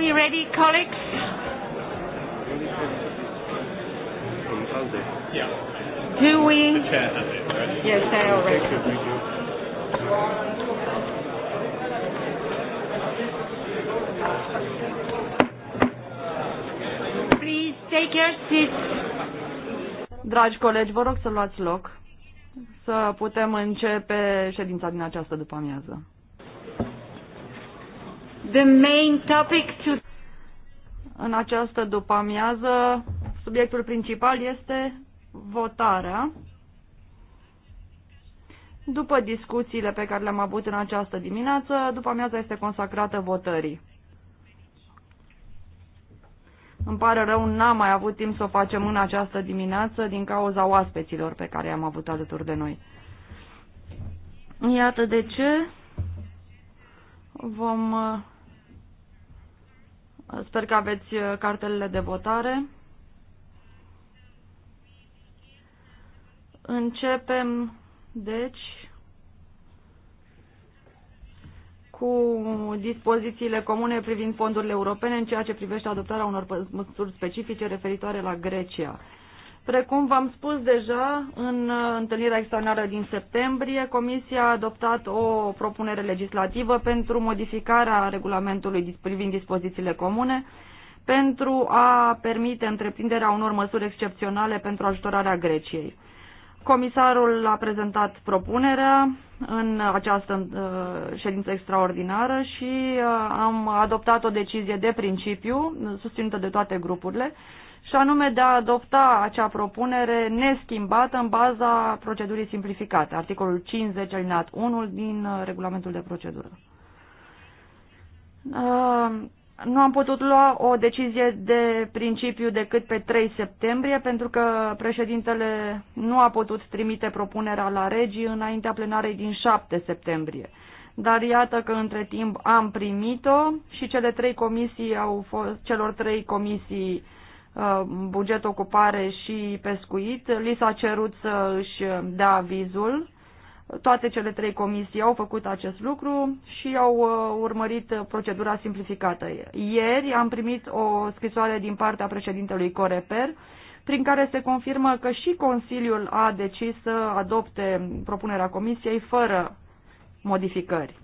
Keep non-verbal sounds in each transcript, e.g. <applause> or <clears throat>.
we ready, colleagues? Do we? Yes, are ready. Please take your seats. Dragi colegi, vă rog să luați loc să putem începe ședința din această după amiază. The main topic to... În această după-amiază, subiectul principal este votarea. După discuțiile pe care le-am avut în această dimineață, după amiaza este consacrată votării. Îmi pare rău, n-am mai avut timp să o facem în această dimineață din cauza oaspeților pe care i-am avut alături de noi. Iată de ce Vom uh, Sper că aveți uh, cartelele de votare. Începem, deci, cu dispozițiile comune privind fondurile europene în ceea ce privește adoptarea unor măsuri specifice referitoare la Grecia. Precum v-am spus deja, în uh, întâlnirea extraordinară din septembrie, Comisia a adoptat o propunere legislativă pentru modificarea regulamentului privind dispozițiile comune pentru a permite întreprinderea unor măsuri excepționale pentru ajutorarea Greciei. Comisarul a prezentat propunerea în această uh, ședință extraordinară și uh, am adoptat o decizie de principiu, susținută de toate grupurile, și anume de a adopta acea propunere neschimbată în baza procedurii simplificate, articolul 50 alineat 1 din uh, regulamentul de procedură. Uh, nu am putut lua o decizie de principiu decât pe 3 septembrie, pentru că președintele nu a putut trimite propunerea la regii înaintea plenarei din 7 septembrie dar iată că între timp am primit-o și cele trei comisii au fost, celor trei comisii Uh, buget, ocupare și pescuit, li s-a cerut să își dea avizul. Toate cele trei comisii au făcut acest lucru și au uh, urmărit procedura simplificată. Ieri am primit o scrisoare din partea președintelui Coreper, prin care se confirmă că și Consiliul a decis să adopte propunerea comisiei fără modificări.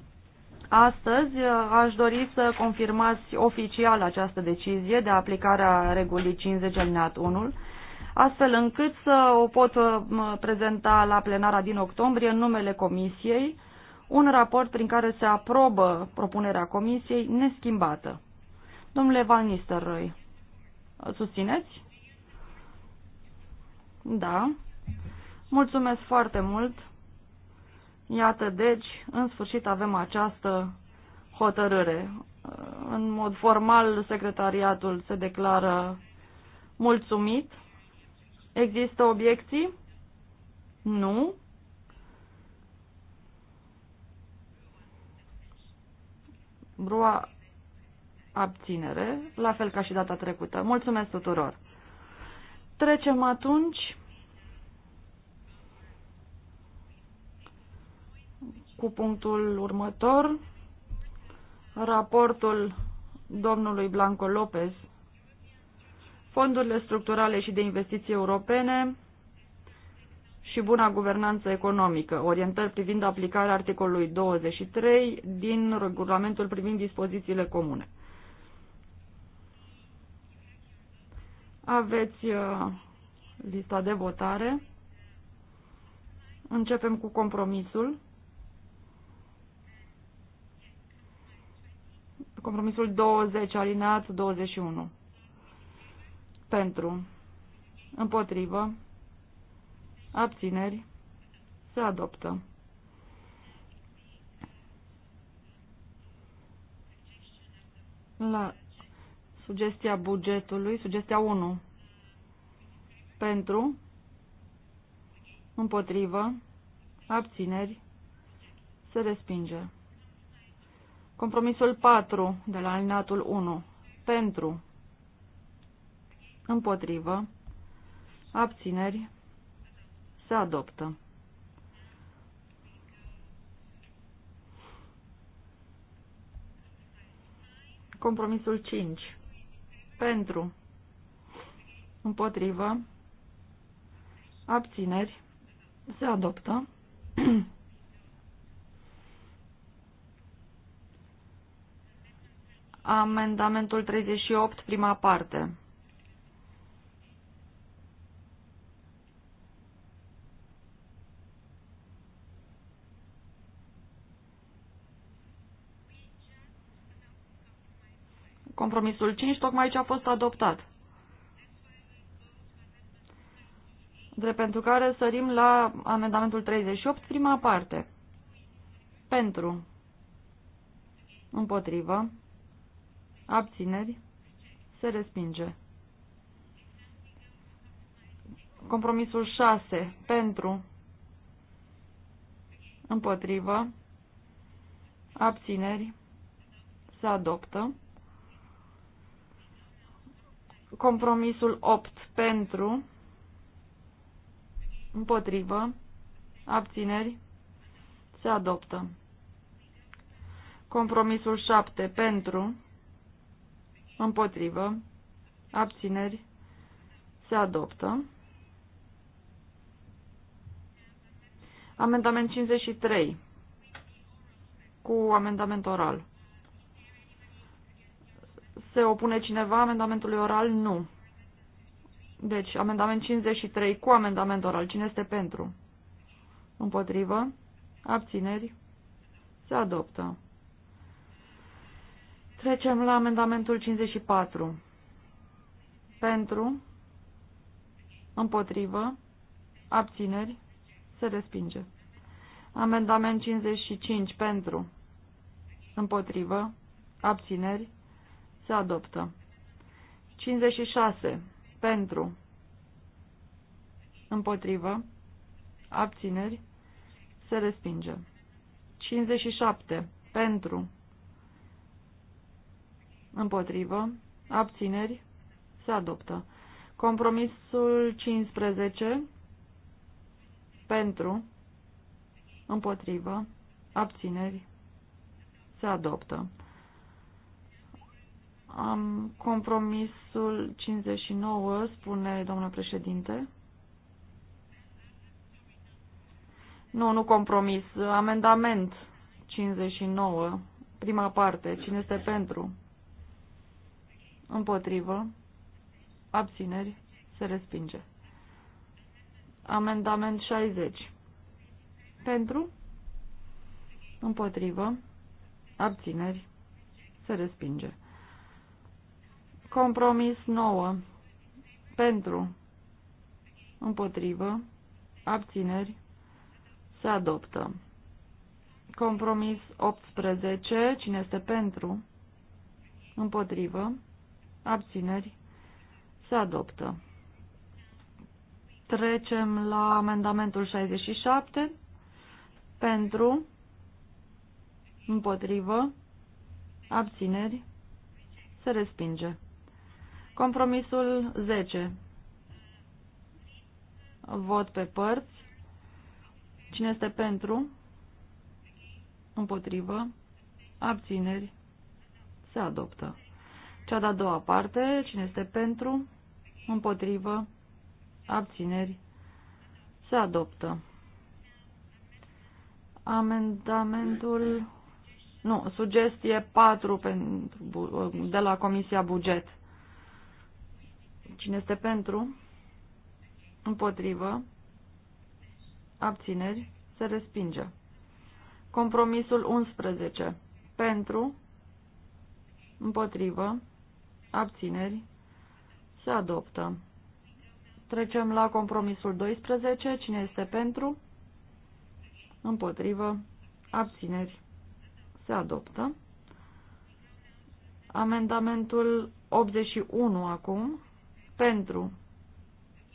Astăzi uh, aș dori să confirmați oficial această decizie de aplicare a regulii 50 alineat 1 astfel încât să o pot uh, prezenta la plenara din octombrie în numele Comisiei, un raport prin care se aprobă propunerea Comisiei neschimbată. Domnule Van Nistelrooy, susțineți? Da. Mulțumesc foarte mult. Iată, deci, în sfârșit avem această hotărâre. În mod formal, secretariatul se declară mulțumit. Există obiecții? Nu. Brua abținere, la fel ca și data trecută. Mulțumesc tuturor! Trecem atunci cu punctul următor, raportul domnului Blanco Lopez, fondurile structurale și de investiții europene și buna guvernanță economică, orientări privind aplicarea articolului 23 din regulamentul privind dispozițiile comune. Aveți uh, lista de votare. Începem cu compromisul. Compromisul 20, alineat 21. Pentru. Împotrivă. Abțineri. Se adoptă. La sugestia bugetului, sugestia 1. Pentru. Împotrivă. Abțineri. Se respinge. Compromisul 4 de la alinatul 1. Pentru. Împotrivă. Abțineri. Se adoptă. Compromisul 5. Pentru. Împotrivă. Abțineri. Se adoptă. <clears throat> amendamentul 38, prima parte. Compromisul 5 tocmai ce a fost adoptat. Drept pentru care sărim la amendamentul 38, prima parte. Pentru. Împotrivă abțineri, se respinge. Compromisul 6 pentru, împotrivă, abțineri, se adoptă. Compromisul 8 pentru, împotrivă, abțineri, se adoptă. Compromisul 7 pentru, împotrivă, abțineri, se adoptă. Amendament 53 cu amendament oral. Se opune cineva amendamentului oral? Nu. Deci, amendament 53 cu amendament oral. Cine este pentru? Împotrivă? Abțineri? Se adoptă. Trecem la amendamentul 54. Pentru, împotrivă, abțineri, se respinge. Amendament 55 pentru, împotrivă, abțineri, se adoptă. 56 pentru, împotrivă, abțineri, se respinge. 57 pentru, Împotrivă. Abțineri. Se adoptă. Compromisul 15. Pentru. Împotrivă. Abțineri. Se adoptă. Am compromisul 59, spune domnul președinte. Nu, nu compromis. Amendament 59. Prima parte. Cine este pentru? Împotrivă. Abțineri. Se respinge. Amendament 60. Pentru. Împotrivă. Abțineri. Se respinge. Compromis 9. Pentru. Împotrivă. Abțineri. Se adoptă. Compromis 18. Cine este pentru? Împotrivă abțineri, se adoptă. Trecem la amendamentul 67, pentru, împotrivă, abțineri, se respinge. Compromisul 10. Vot pe părți. Cine este pentru? Împotrivă. Abțineri. Se adoptă. Cea de-a doua parte, cine este pentru, împotrivă, abțineri, se adoptă. Amendamentul, nu, sugestie 4 pentru, de la Comisia Buget. Cine este pentru, împotrivă, abțineri, se respinge. Compromisul 11. Pentru, împotrivă, abțineri, se adoptă. Trecem la compromisul 12. Cine este pentru? Împotrivă. Abțineri. Se adoptă. Amendamentul 81 acum. Pentru.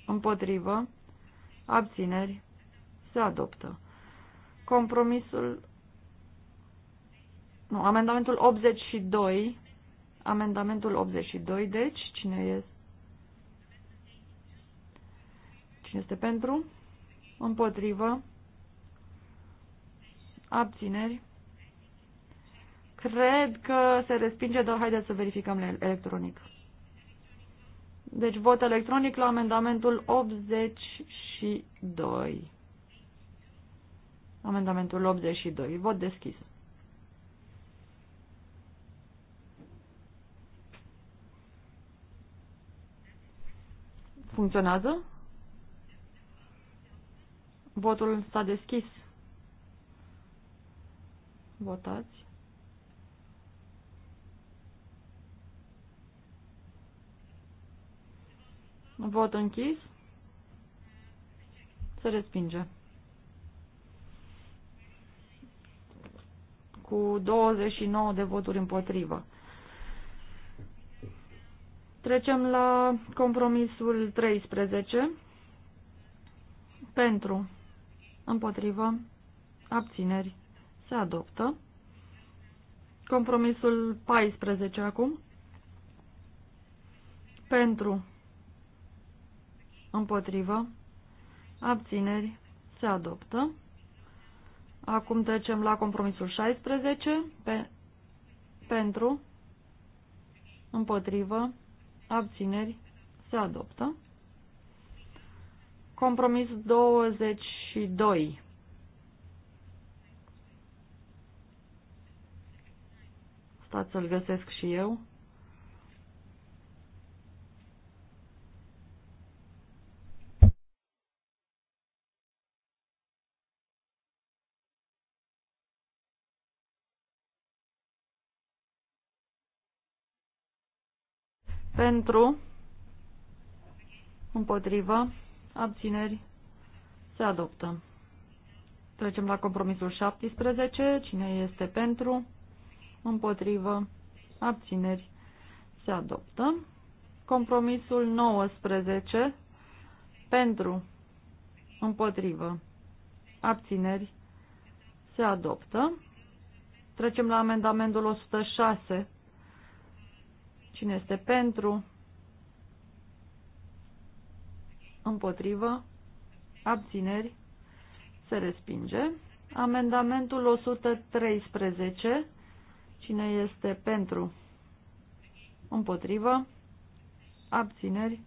Împotrivă. Abțineri. Se adoptă. Compromisul... Nu, amendamentul 82 Amendamentul 82, deci, cine este? Cine este pentru? Împotrivă? Abțineri? Cred că se respinge, dar haideți să verificăm electronic. Deci vot electronic la amendamentul 82. Amendamentul 82. Vot deschis. Funcționează? Votul s-a deschis. Votați. Vot închis. Se respinge. Cu 29 de voturi împotrivă. Trecem la compromisul 13. Pentru, împotrivă, abțineri, se adoptă. Compromisul 14 acum. Pentru, împotrivă, abțineri, se adoptă. Acum trecem la compromisul 16. Pe, pentru, împotrivă, abțineri, se adoptă. Compromis 22. Stați să-l găsesc și eu. Pentru, împotrivă, abțineri, se adoptă. Trecem la compromisul 17. Cine este pentru, împotrivă, abțineri, se adoptă. Compromisul 19. Pentru, împotrivă, abțineri, se adoptă. Trecem la amendamentul 106 Cine este pentru? Împotrivă? Abțineri? Se respinge. Amendamentul 113. Cine este pentru? Împotrivă? Abțineri?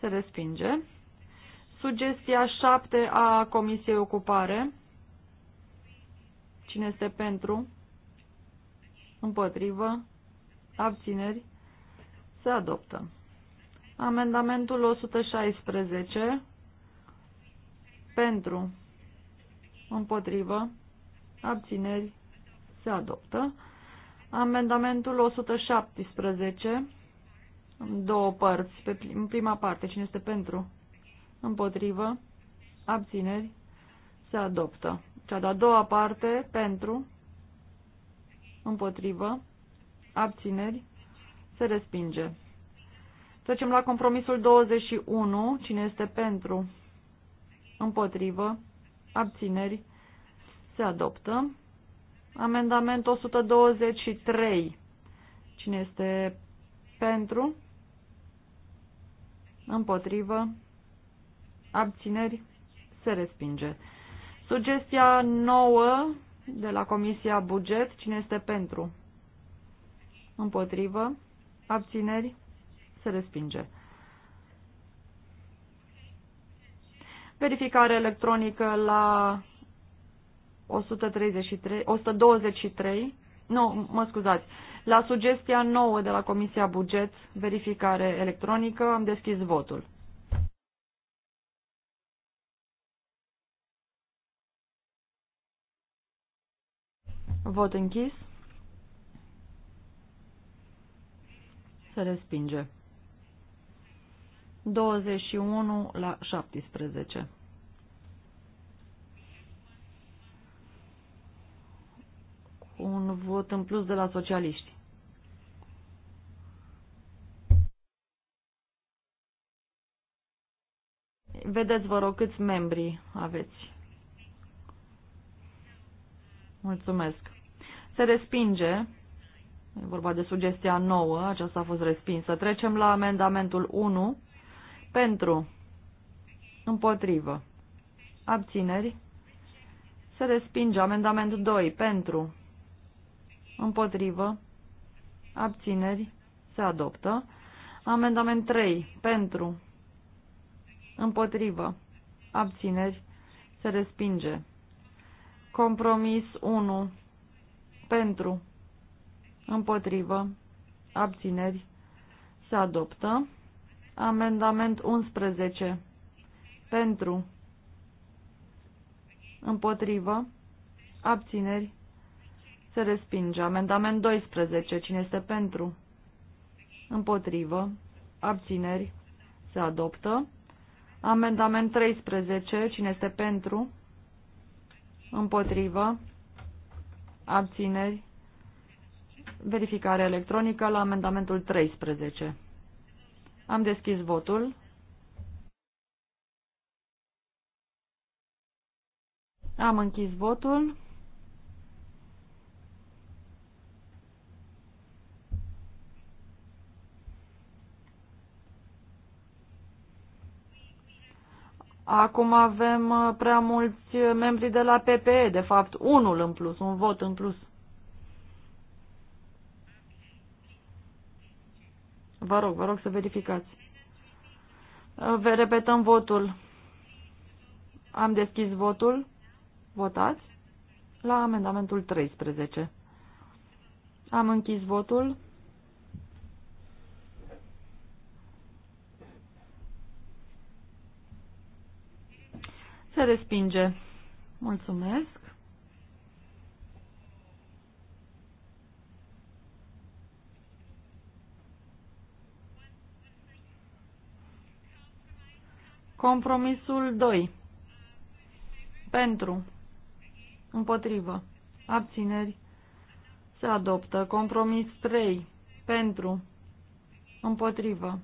Se respinge. Sugestia 7 a Comisiei Ocupare. Cine este pentru? Împotrivă? Abțineri? Se adoptă. Amendamentul 116 pentru, împotrivă, abțineri, se adoptă. Amendamentul 117, în două părți, pe, în prima parte, cine este pentru, împotrivă, abțineri, se adoptă. Cea de-a doua parte, pentru, împotrivă, abțineri, se respinge. Trecem la compromisul 21. Cine este pentru? Împotrivă. Abțineri. Se adoptă. Amendament 123. Cine este pentru? Împotrivă. Abțineri. Se respinge. Sugestia nouă de la Comisia Buget. Cine este pentru? Împotrivă abțineri, se respinge. Verificare electronică la 133, 123, nu, mă scuzați, la sugestia nouă de la Comisia Buget, verificare electronică, am deschis votul. Vot închis. Se respinge. 21 la 17. Un vot în plus de la socialiști. Vedeți, vă rog, câți membri aveți. Mulțumesc. Se respinge E vorba de sugestia nouă, aceasta a fost respinsă. Trecem la amendamentul 1 pentru împotrivă abțineri se respinge amendament 2 pentru împotrivă abțineri se adoptă amendament 3 pentru împotrivă abțineri se respinge compromis 1 pentru împotrivă, abțineri, se adoptă. Amendament 11, pentru, împotrivă, abțineri, se respinge. Amendament 12, cine este pentru, împotrivă, abțineri, se adoptă. Amendament 13, cine este pentru, împotrivă, abțineri, Verificare electronică la amendamentul 13. Am deschis votul. Am închis votul. Acum avem uh, prea mulți uh, membri de la PPE, de fapt unul în plus, un vot în plus. Vă rog, vă rog să verificați. Repetăm votul. Am deschis votul. Votați. La amendamentul 13. Am închis votul. Se respinge. Mulțumesc. Compromisul 2. Pentru. Împotrivă. Abțineri. Se adoptă. Compromis 3. Pentru. Împotrivă.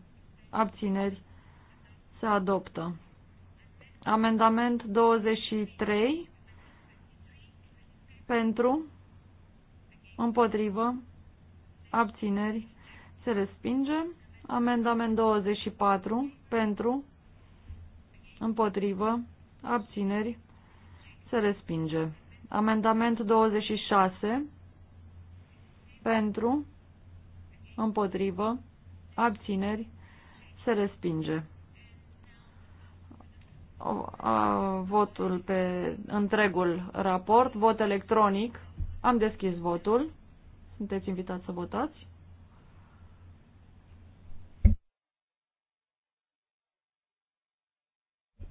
Abțineri. Se adoptă. Amendament 23. Pentru. Împotrivă. Abțineri. Se respinge. Amendament 24. Pentru împotrivă, abțineri, se respinge. Amendament 26, pentru, împotrivă, abțineri, se respinge. Votul pe întregul raport, vot electronic, am deschis votul, sunteți invitați să votați.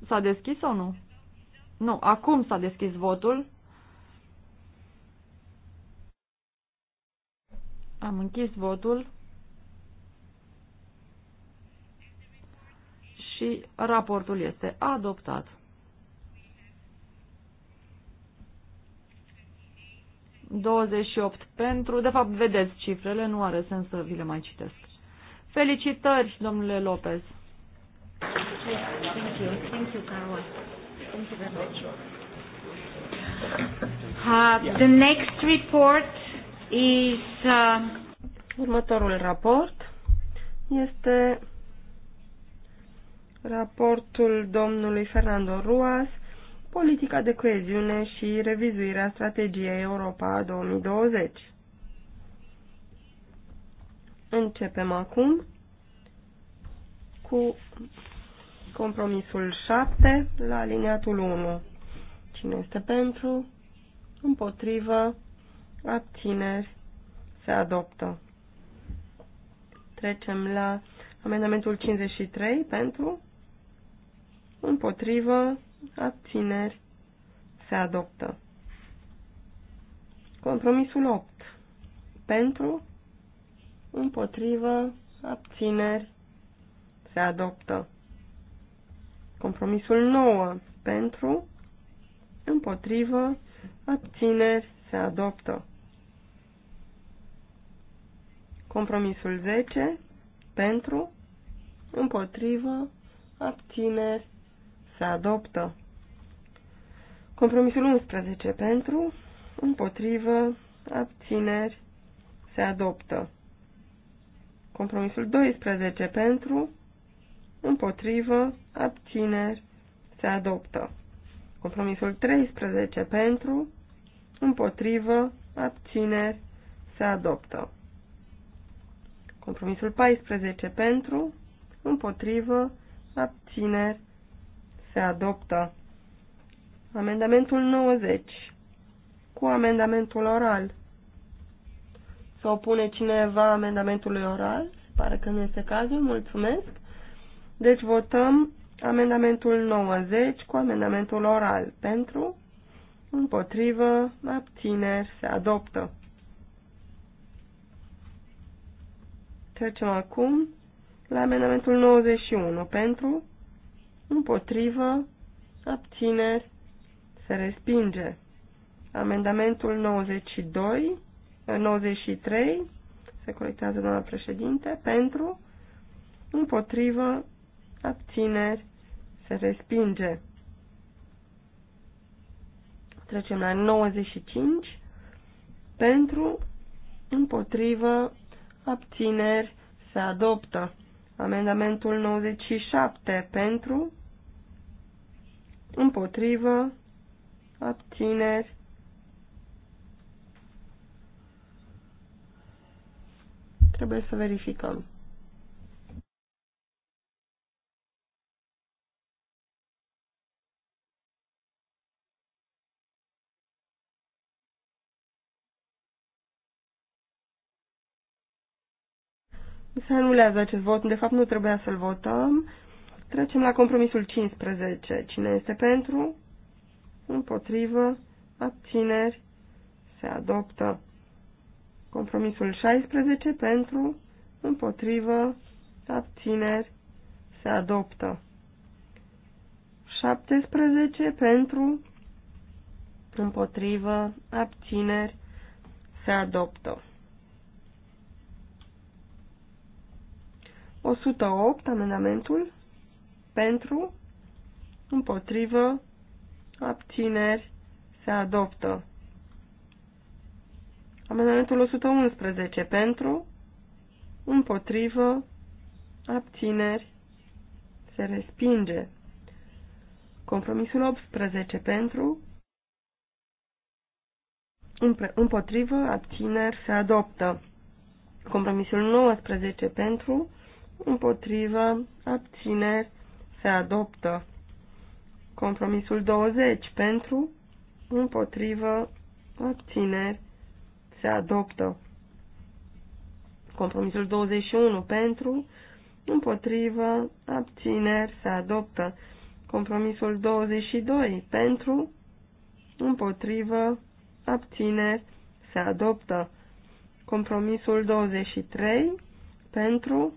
S-a deschis sau nu? Nu, acum s-a deschis votul. Am închis votul. Și raportul este adoptat. 28. opt pentru, de fapt vedeți cifrele, nu are sens să vi le mai citesc. Felicitări, domnule Lopez. Uh, the next report is... Uh... Următorul raport este raportul domnului Fernando Ruas, politica de coeziune și revizuirea strategiei Europa 2020. Începem acum cu compromisul 7 la aliniatul 1. Cine este pentru? Împotrivă? Abțineri? Se adoptă. Trecem la amendamentul 53 pentru? Împotrivă? Abțineri? Se adoptă. Compromisul 8. Pentru? Împotrivă? Abțineri? se adoptă. Compromisul 9 pentru, împotrivă, abțineri, se adoptă. Compromisul 10 pentru, împotrivă, abțineri, se adoptă. Compromisul 11 pentru, împotrivă, abțineri, se adoptă. Compromisul 12 pentru, împotrivă, abțineri, se adoptă. Compromisul 13 pentru, împotrivă, abțineri, se adoptă. Compromisul 14 pentru, împotrivă, abțineri, se adoptă. Amendamentul 90 cu amendamentul oral. Să opune cineva amendamentului oral? pare că nu este cazul. Mulțumesc. Deci votăm amendamentul 90 cu amendamentul oral. Pentru, împotrivă, abțineri, se adoptă. Trecem acum la amendamentul 91. Pentru, împotrivă, abțineri, se respinge. Amendamentul 92, 93, eh, se colectează doamna președinte, pentru, împotrivă, abțineri, se respinge. Trecem la 95, pentru, împotrivă, abțineri, se adoptă. Amendamentul 97, pentru, împotrivă, abțineri, trebuie să verificăm. Se anulează acest vot, de fapt nu trebuia să-l votăm. Trecem la compromisul 15. Cine este pentru? Împotrivă? Abțineri? Se adoptă. Compromisul 16 pentru? Împotrivă? Abțineri? Se adoptă. 17 pentru? Împotrivă? Abțineri? Se adoptă. 108 amendamentul pentru, împotrivă, abțineri, se adoptă. Amendamentul 111 pentru, împotrivă, abțineri, se respinge. Compromisul 18 pentru, împotrivă, abțineri, se adoptă. Compromisul 19 pentru, împotrivă, abțineri, se adoptă. Compromisul 20 pentru, împotrivă, abțineri, se adoptă. Compromisul 21 pentru, împotrivă, abțineri, se adoptă. Compromisul 22 pentru, împotrivă, abțineri, se adoptă. Compromisul 23 pentru,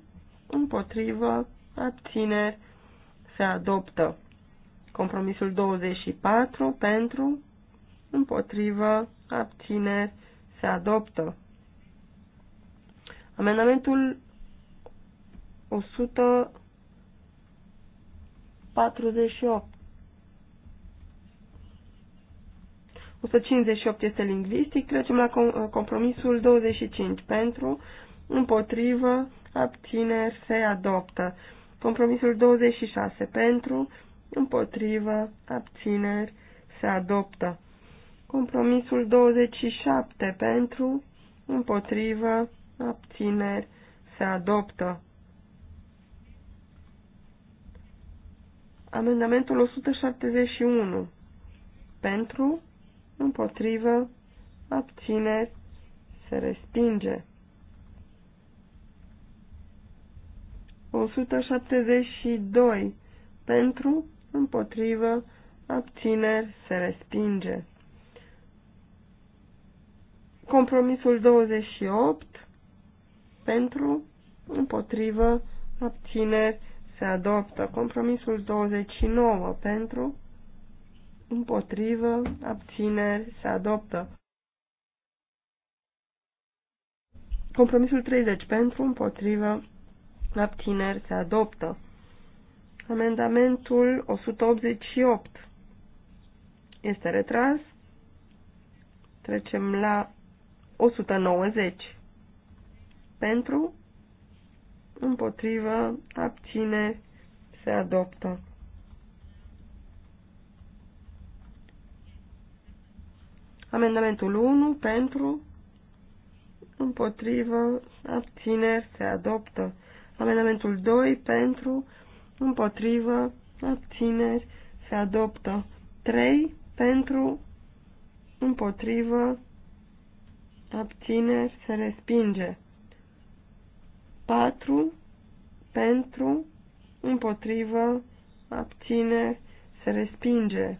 împotrivă, abțineri, se adoptă. Compromisul 24 pentru, împotrivă, abțineri, se adoptă. Amendamentul 148. 158 este lingvistic. Trecem la compromisul 25 pentru, împotrivă, abțineri, se adoptă. Compromisul 26 pentru, împotrivă, abțineri, se adoptă. Compromisul 27 pentru, împotrivă, abțineri, se adoptă. Amendamentul 171 pentru, împotrivă, abțineri, se respinge. 172 pentru, împotrivă, abțineri, se respinge. Compromisul 28 pentru, împotrivă, abțineri, se adoptă. Compromisul 29 pentru, împotrivă, abțineri, se adoptă. Compromisul 30 pentru, împotrivă, Abțineri se adoptă. Amendamentul 188 este retras. Trecem la 190. Pentru, împotrivă, abține, se adoptă. Amendamentul 1 pentru, împotrivă, abține, se adoptă. Amendamentul 2 pentru, împotrivă, abțineri, se adoptă. 3 pentru, împotrivă, abțineri, se respinge. 4 pentru, împotrivă, abțineri, se respinge.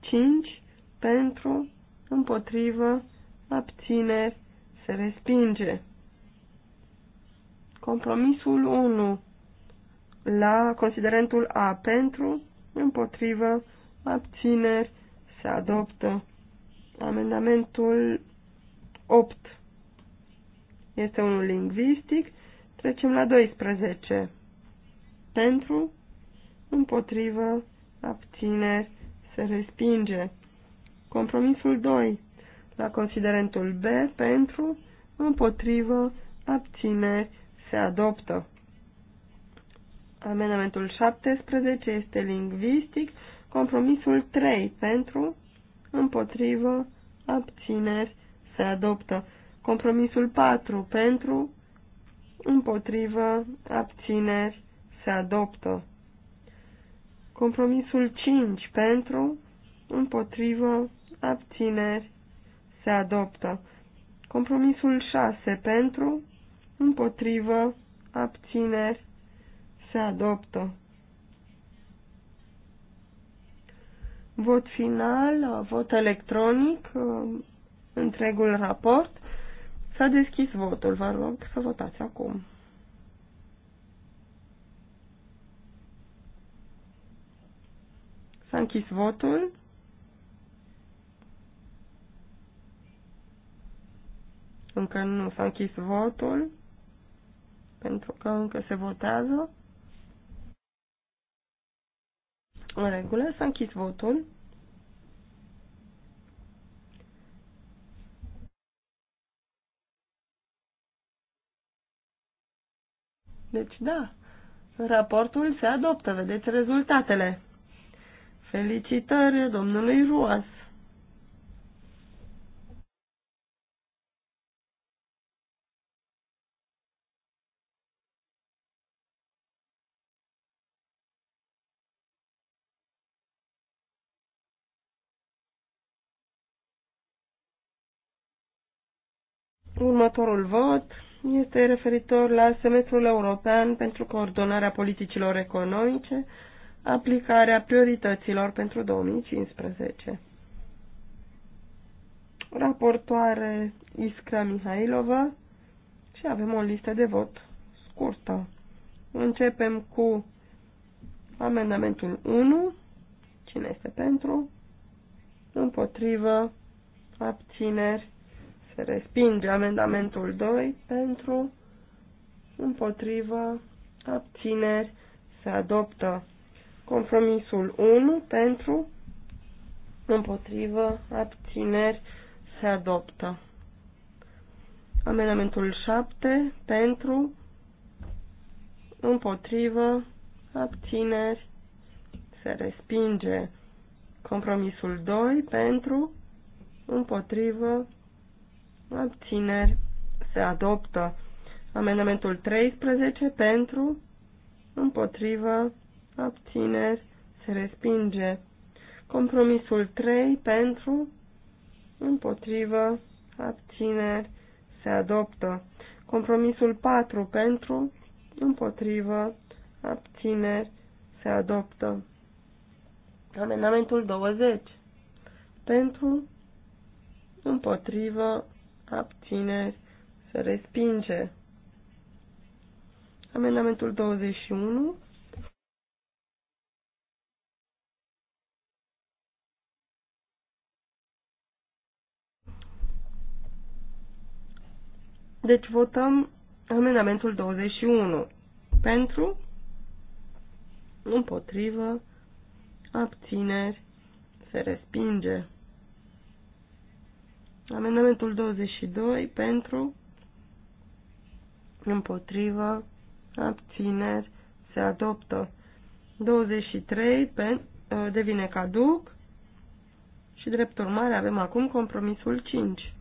5 pentru, împotrivă, abțineri, se respinge. Compromisul 1 la considerentul A pentru, împotrivă, abțineri, se adoptă. Amendamentul 8 este unul lingvistic. Trecem la 12. Pentru, împotrivă, abțineri, se respinge. Compromisul 2. La considerentul B, pentru, împotrivă, abțineri, se adoptă. Amendamentul 17 este lingvistic. Compromisul 3 pentru, împotrivă, abțineri, se adoptă. Compromisul 4 pentru, împotrivă, abțineri, se adoptă. Compromisul 5 pentru, împotrivă, abțineri, se adoptă. Compromisul 6 pentru, împotrivă, abțineri, se adoptă. Vot final, vot electronic, întregul raport. S-a deschis votul, vă rog să votați acum. S-a închis votul. Încă nu s-a închis votul pentru că încă se votează. În regulă, s-a închis votul. Deci, da, raportul se adoptă, vedeți rezultatele. Felicitări domnului Ruas. Următorul vot este referitor la semestrul european pentru coordonarea politicilor economice, aplicarea priorităților pentru 2015. Raportoare Iskra Mihailova și avem o listă de vot scurtă. Începem cu amendamentul 1. Cine este pentru? Împotrivă. Abțineri. Se respinge amendamentul 2 pentru, împotrivă, abțineri, se adoptă compromisul 1 pentru, împotrivă, abțineri, se adoptă. Amendamentul 7 pentru, împotrivă, abțineri, se respinge. Compromisul 2 pentru, împotrivă, abțineri, se adoptă. Amendamentul 13 pentru, împotrivă, abțineri, se respinge. Compromisul 3 pentru, împotrivă, abțineri, se adoptă. Compromisul 4 pentru, împotrivă, abțineri, se adoptă. Amendamentul 20 pentru, împotrivă, abțineri, se respinge. Amendamentul 21. Deci votăm amendamentul 21. Pentru, împotrivă, abțineri, se respinge. Amendamentul 22 pentru, împotrivă, abțineri, se adoptă. 23 pen, ă, devine caduc și drept urmare avem acum compromisul 5.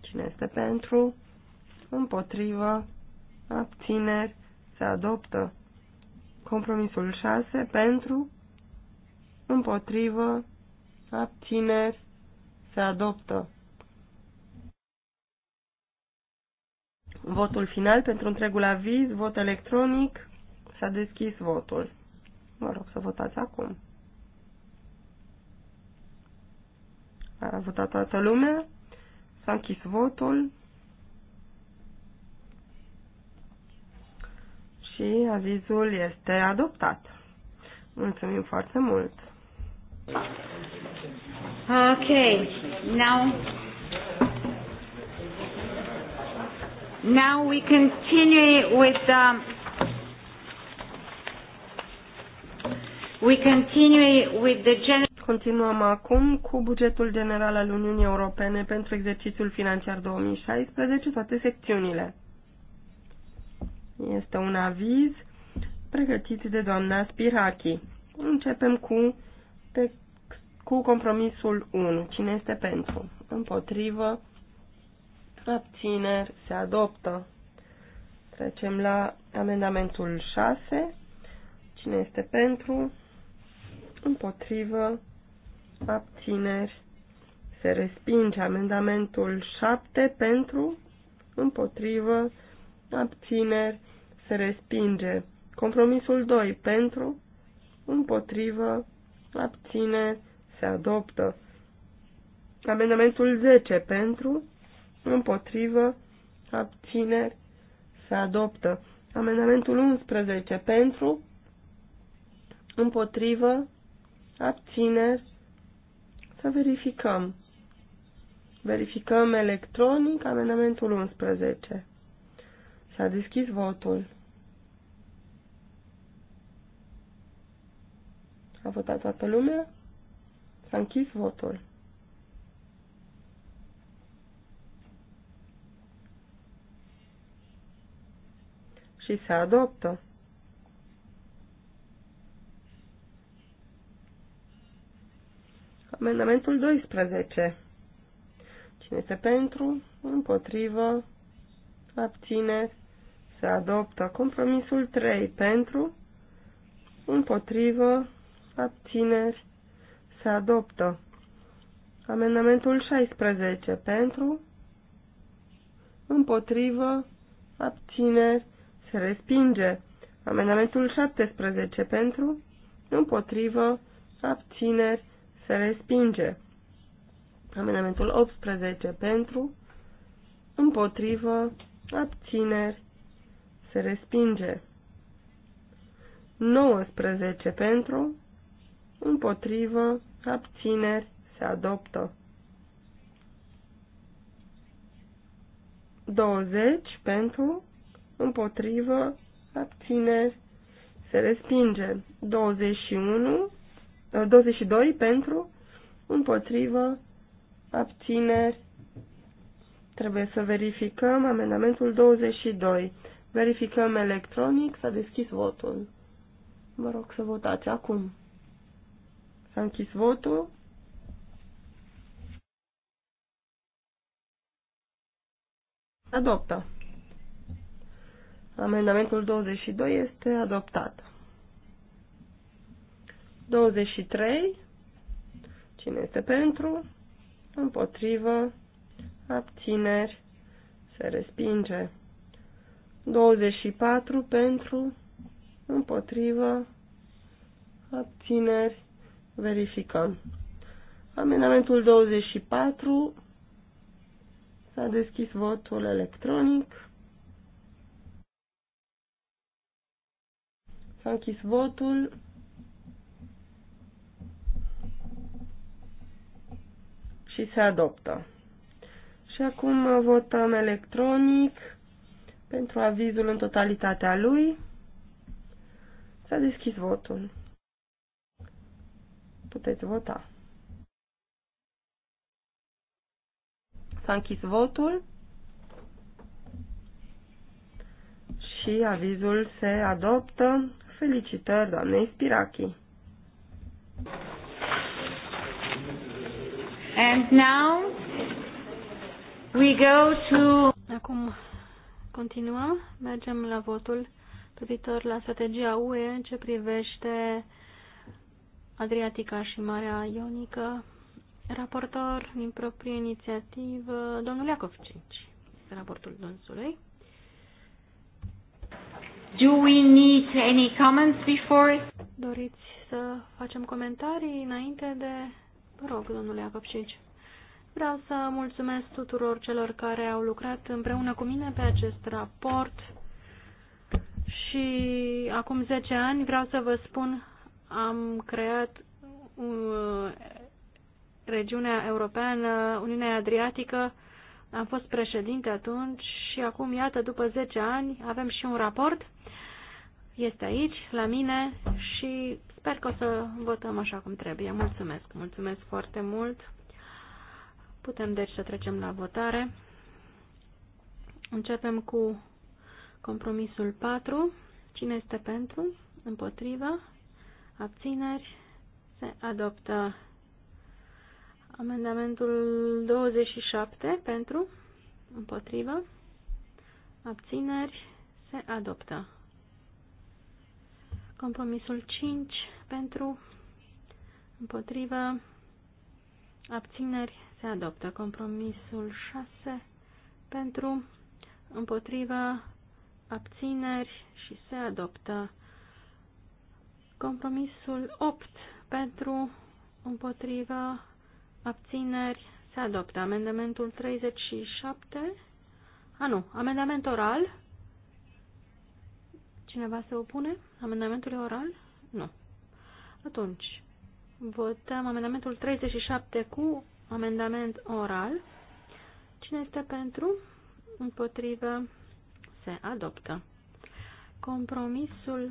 Cine este pentru, împotrivă, abțineri, se adoptă. Compromisul 6 pentru, împotrivă, abțineri, se adoptă. Votul final pentru întregul aviz, vot electronic, s-a deschis votul. Vă rog să votați acum. A votat toată lumea, s-a închis votul și avizul este adoptat. Mulțumim foarte mult! Okay, now Now we continue with the um, we continue with the general Continuăm acum cu bugetul general al Uniunii Europene pentru exercițiul financiar 2016, toate secțiunile. Este un aviz pregătit de doamna Spirachi. Începem cu, cu compromisul 1. Cine este pentru? Împotrivă? abțineri, se adoptă. Trecem la amendamentul 6. Cine este pentru? Împotrivă, abțineri, se respinge. Amendamentul 7 pentru, împotrivă, abțineri, se respinge. Compromisul 2 pentru, împotrivă, abțineri, se adoptă. Amendamentul 10 pentru, împotrivă, abțineri, se adoptă. Amendamentul 11 pentru, împotrivă, abțineri, să verificăm. Verificăm electronic amendamentul 11. S-a deschis votul. A votat toată lumea? S-a închis votul. și se adoptă. Amendamentul 12. Cine este pentru, împotrivă, abține, se adoptă. Compromisul 3. Pentru, împotrivă, abțineri, se adoptă. Amendamentul 16. Pentru, împotrivă, abțineri, se respinge. Amendamentul 17 pentru, împotrivă, abțineri, se respinge. Amendamentul 18 pentru, împotrivă, abțineri, se respinge. 19 pentru, împotrivă, abțineri, se adoptă. 20 pentru, împotrivă, abține, se respinge. 21, 22 uh, pentru, împotrivă, abțineri, trebuie să verificăm amendamentul 22. Verificăm electronic, s-a deschis votul. Vă rog să votați acum. S-a închis votul. Adoptă. Amendamentul 22 este adoptat. 23. Cine este pentru? Împotrivă. Abțineri. Se respinge. 24 pentru. Împotrivă. Abțineri. Verificăm. Amendamentul 24. S-a deschis votul electronic. S-a închis votul. Și se adoptă. Și acum votăm electronic pentru avizul în totalitatea lui. S-a deschis votul. Puteți vota. S-a închis votul și avizul se adoptă Felicitări doamnei Spirachi. And now we go to... Acum continuăm, mergem la votul privitor la strategia UE în ce privește Adriatica și Marea Ionică. Raportor din proprie inițiativă, domnul Cinci, raportul dânsului. Do we need any comments before? Doriți să facem comentarii înainte de... Vă rog, domnule Acopcici. Vreau să mulțumesc tuturor celor care au lucrat împreună cu mine pe acest raport și acum 10 ani, vreau să vă spun, am creat uh, regiunea europeană, Uniunea Adriatică, am fost președinte atunci și acum, iată, după 10 ani, avem și un raport este aici, la mine și sper că o să votăm așa cum trebuie. Mulțumesc, mulțumesc foarte mult. Putem deci să trecem la votare. Începem cu compromisul 4. Cine este pentru? Împotrivă? Abțineri? Se adoptă amendamentul 27 pentru? Împotrivă? Abțineri? Se adoptă. Compromisul 5 pentru, împotrivă, abțineri se adoptă. Compromisul 6 pentru, împotrivă, abțineri și se adoptă. Compromisul 8 pentru, împotrivă, abțineri se adoptă. Amendamentul 37. A, nu, amendament oral Cineva se opune? Amendamentul oral? Nu. Atunci, votăm amendamentul 37 cu amendament oral. Cine este pentru? Împotrivă? Se adoptă. Compromisul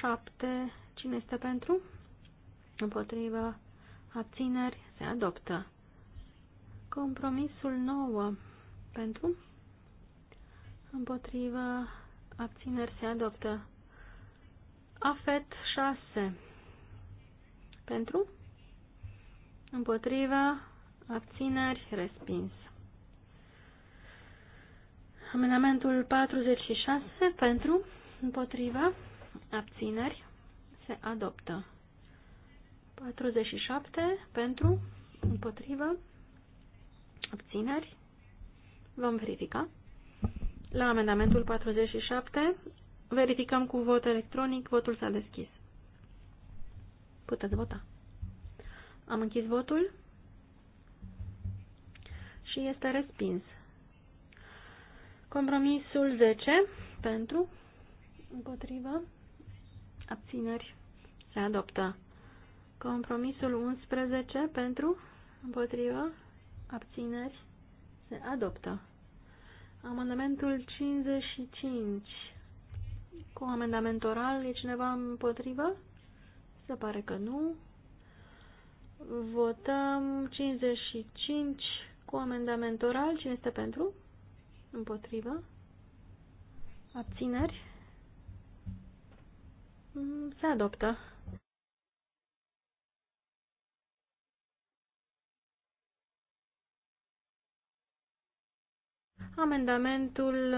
7. Cine este pentru? Împotrivă? Abțineri? Se adoptă. Compromisul 9. Pentru? Împotrivă? abțineri se adoptă. Afet 6. Pentru? Împotriva, abțineri, respins. Amendamentul 46. Pentru? Împotriva, abțineri, se adoptă. 47. Pentru? Împotriva, abțineri, vom verifica. La amendamentul 47 verificăm cu vot electronic. Votul s-a deschis. Puteți vota. Am închis votul și este respins. Compromisul 10 pentru, împotrivă, abțineri se adoptă. Compromisul 11 pentru, împotrivă, abțineri se adoptă. Amendamentul 55. Cu amendament oral, e cineva împotrivă? Se pare că nu. Votăm 55 cu amendament oral. Cine este pentru? Împotrivă? Abțineri? Mm, se adoptă. Amendamentul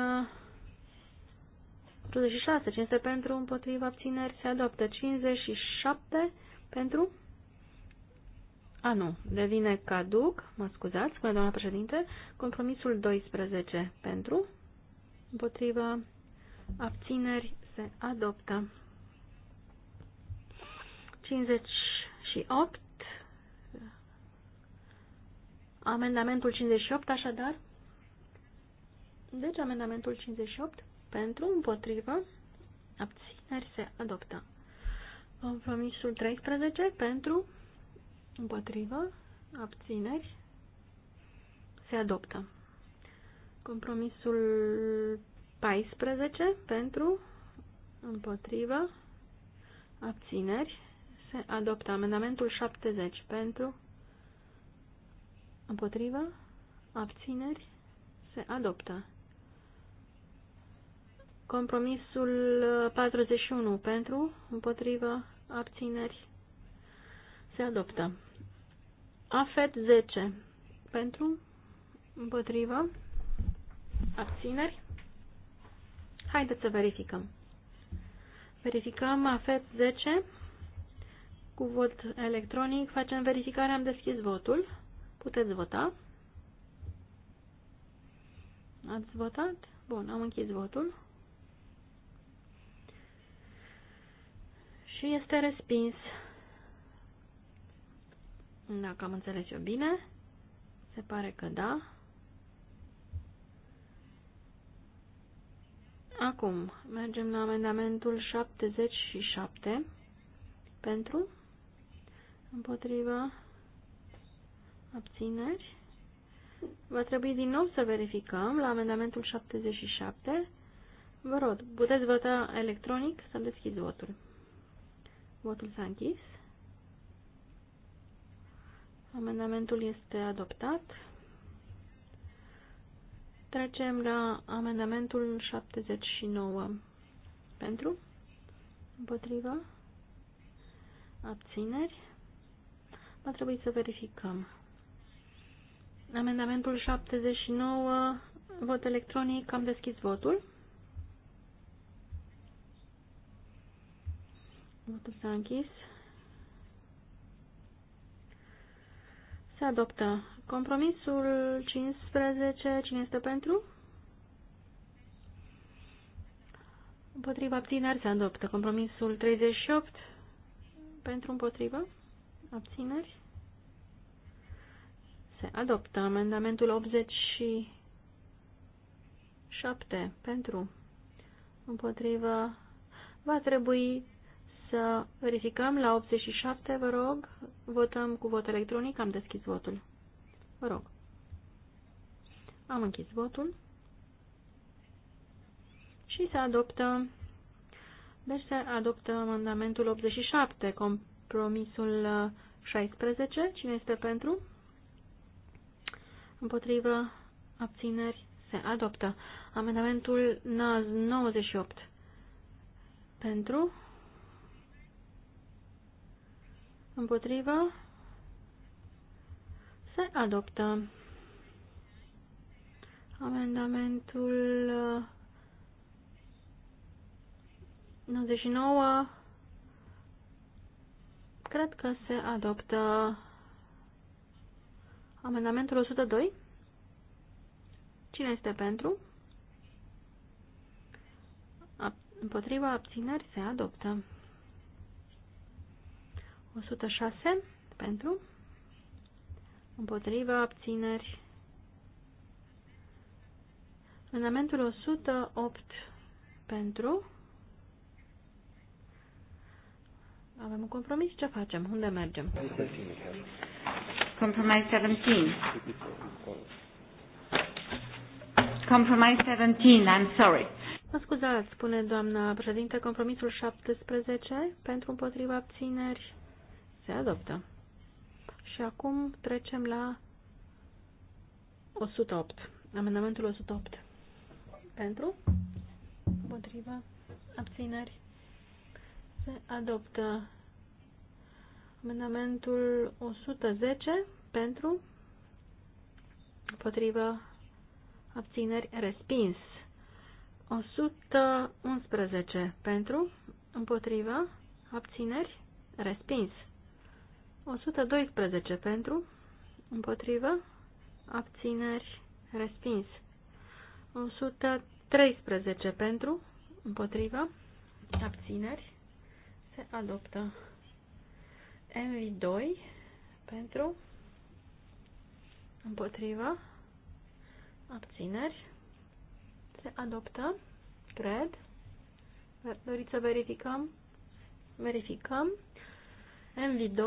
46, uh, 500 pentru, împotriva abțineri, se adoptă. 57 pentru? A, nu, devine caduc, mă scuzați, spune doamna președinte, compromisul 12 pentru, împotriva abțineri, se adoptă. 58, amendamentul 58, așadar, deci amendamentul 58 pentru, împotrivă, abțineri se adoptă. Compromisul 13 pentru, împotrivă, abțineri se adoptă. Compromisul 14 pentru, împotrivă, abțineri se adoptă. Amendamentul 70 pentru, împotrivă, abțineri se adoptă. Compromisul 41 uh, pentru, împotrivă, abțineri, se adoptă. AFET 10 pentru, împotrivă, abțineri. Haideți să verificăm. Verificăm AFET 10 cu vot electronic. Facem verificare, am deschis votul. Puteți vota. Ați votat? Bun, am închis votul. și este respins. Dacă am înțeles eu bine, se pare că da. Acum, mergem la amendamentul 77 pentru, împotriva, abțineri. Va trebui din nou să verificăm la amendamentul 77. Vă rog, puteți vota electronic să deschid votul. Votul s-a închis. Amendamentul este adoptat. Trecem la amendamentul 79. Pentru? Împotriva? Abțineri? Va trebui să verificăm. Amendamentul 79, vot electronic, am deschis votul. Votul s-a închis. Se adoptă. Compromisul 15. Cine este pentru? Împotriva abțineri se adoptă. Compromisul 38. Pentru împotriva abțineri. Se adoptă. Amendamentul 87. Pentru împotriva va trebui să verificăm la 87, vă rog. Votăm cu vot electronic. Am deschis votul. Vă rog. Am închis votul. Și se adoptă, deci se adoptă amendamentul 87, compromisul 16. Cine este pentru? Împotrivă abțineri se adoptă. Amendamentul 98. Pentru, Împotrivă. Se adoptă. Amendamentul 99 uh, cred că se adoptă amendamentul 102. Cine este pentru? Împotriva abțineri se adoptă. 106 pentru, împotriva abțineri. Amendamentul 108 pentru. Avem un compromis. Ce facem? Unde mergem? Compromise 17. Compromise 17, I'm sorry. Mă scuzați, spune doamna președinte, compromisul 17 pentru împotriva abțineri. Se adoptă. Și acum trecem la 108. Amendamentul 108. Pentru? Împotrivă? Abțineri? Se adoptă. Amendamentul 110. Pentru? Împotrivă? Abțineri? Respins. 111. Pentru? Împotrivă? Abțineri? Respins. 112 pentru, împotrivă, abțineri, respins. 113 pentru, împotrivă, abțineri, se adoptă. MV2 pentru, împotrivă, abțineri, se adoptă, cred. Doriți să verificăm? Verificăm. MV2,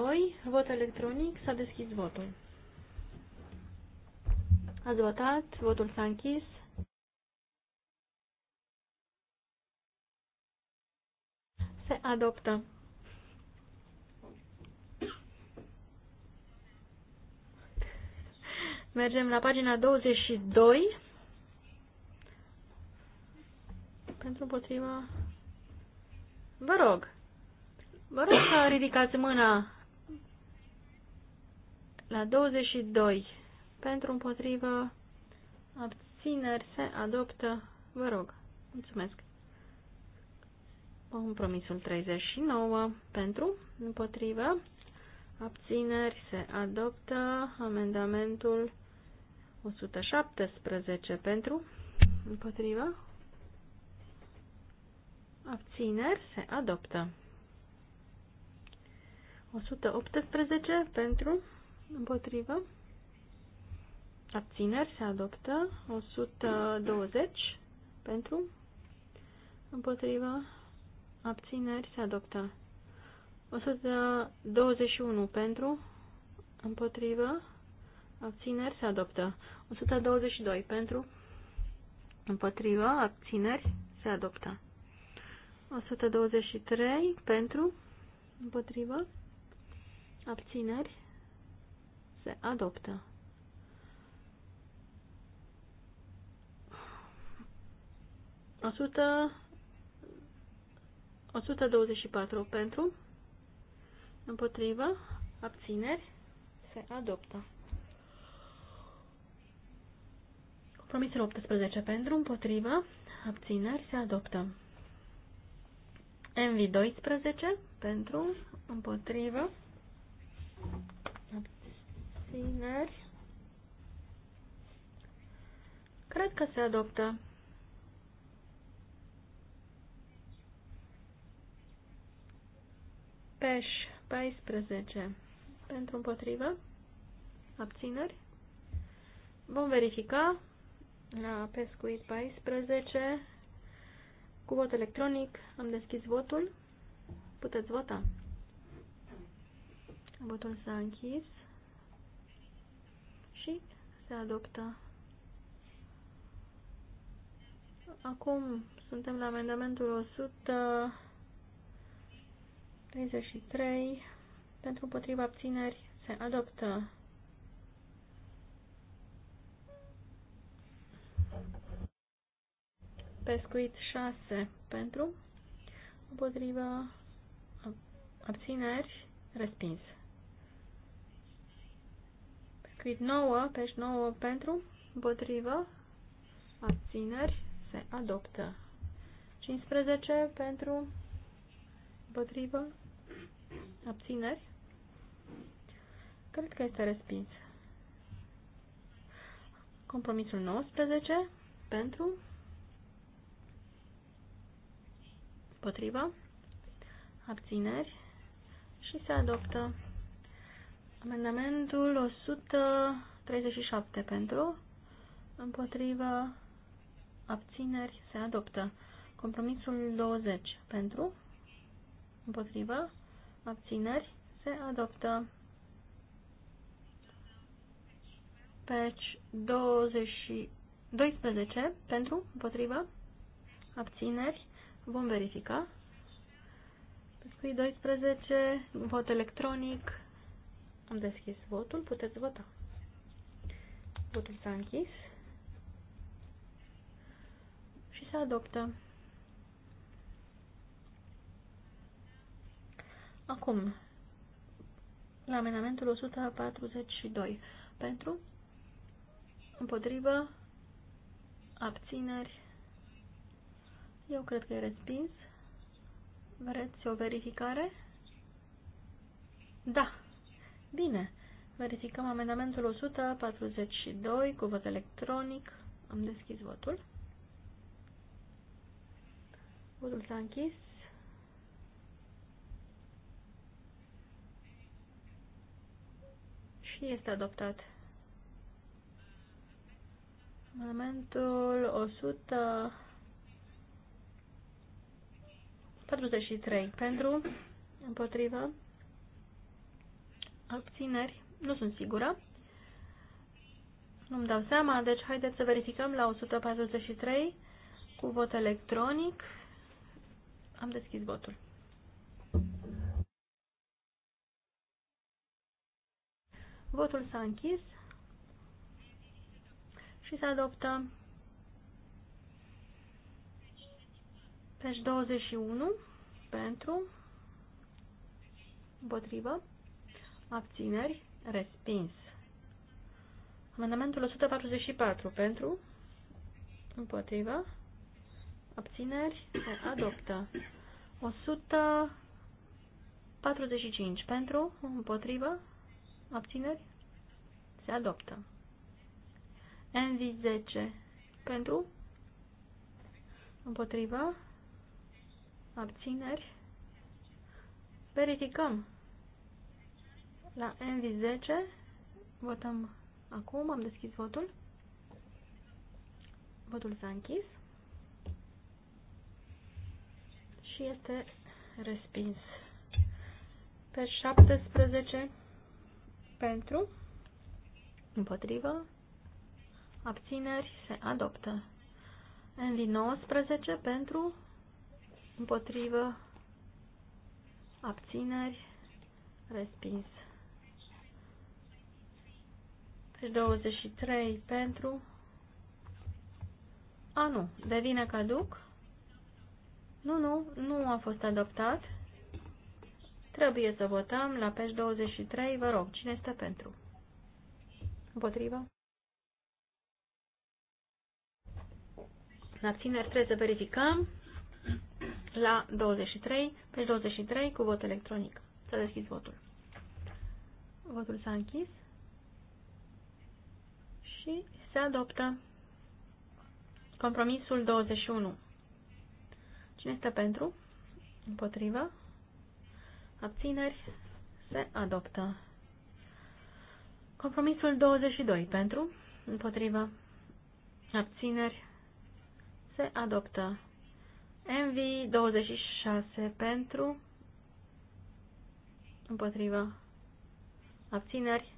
vot electronic, s-a deschis votul. Ați votat, votul s-a închis. Se adoptă. Mergem la pagina 22. Pentru potriva... Vă rog, Vă rog să ridicați mâna la 22. Pentru împotrivă abțineri se adoptă. Vă rog. Mulțumesc. Compromisul 39. Pentru împotrivă abțineri se adoptă. Amendamentul 117. Pentru împotrivă abțineri se adoptă. 118 pentru, împotrivă, abțineri se adoptă, 120 pentru, împotrivă, abțineri se adoptă, 121 pentru, împotrivă, abțineri se adoptă, 122 pentru, împotrivă, abțineri se adoptă, 123 pentru, împotrivă, abțineri, se adoptă. Osută 124 pentru, împotrivă, abțineri, se adoptă. Compromisul 18 pentru, împotrivă, abțineri, se adoptă. MV12 pentru, împotrivă, Vineri. Cred că se adoptă. Peș 14. Pentru împotrivă. Abțineri. Vom verifica la pescuit 14 cu vot electronic. Am deschis votul. Puteți vota. Votul s-a închis și se adoptă. Acum suntem la amendamentul 133. Pentru împotriva abțineri se adoptă. Pescuit 6 pentru împotriva abțineri respins. Cât 9, pești 9 pentru, împotrivă, abțineri, se adoptă. 15 pentru, împotrivă, abțineri. Cred că este respins. Compromisul 19 pentru, împotrivă, abțineri și se adoptă. Amendamentul 137 pentru, împotrivă, abțineri, se adoptă. Compromisul 20 pentru, împotrivă, abțineri, se adoptă. Peci 20, 12 pentru, împotrivă, abțineri, vom verifica. Pescui 12, vot electronic, am deschis votul. Puteți vota. Votul s-a închis. Și se adoptă. Acum, la amendamentul 142. Pentru, împotrivă, abțineri. Eu cred că e respins. Vreți o verificare? Da. Bine, verificăm amendamentul 142 cu vot electronic. Am deschis votul. Votul s-a închis. Și este adoptat. Amendamentul 100 43 pentru, împotrivă, Abțineri? Nu sunt sigură. Nu-mi dau seama, deci haideți să verificăm la 143 cu vot electronic. Am deschis votul. Votul s-a închis și se adoptă pe deci 21 pentru împotrivă abțineri, respins. Amendamentul 144 pentru, împotrivă, abțineri, adoptă. 145 pentru, împotrivă, abțineri, se adoptă. NV10 pentru, împotrivă, abțineri, verificăm. La NV10 votăm acum, am deschis votul. Votul s-a închis și este respins. Pe 17 pentru, împotrivă, abțineri se adoptă. NV19 pentru, împotrivă, abțineri, respins. Deci 23 pentru. A, nu. Devine caduc. Nu, nu. Nu a fost adoptat. Trebuie să votăm la peș 23. Vă rog, cine este pentru? Împotrivă? În abțineri trebuie să verificăm la 23, pe 23 cu vot electronic. Să deschid deschis votul. Votul s-a închis și se adoptă compromisul 21. Cine este pentru? Împotrivă? Abțineri? Se adoptă. Compromisul 22. Pentru? Împotrivă? Abțineri? Se adoptă. MV 26. Pentru? Împotrivă? Abțineri?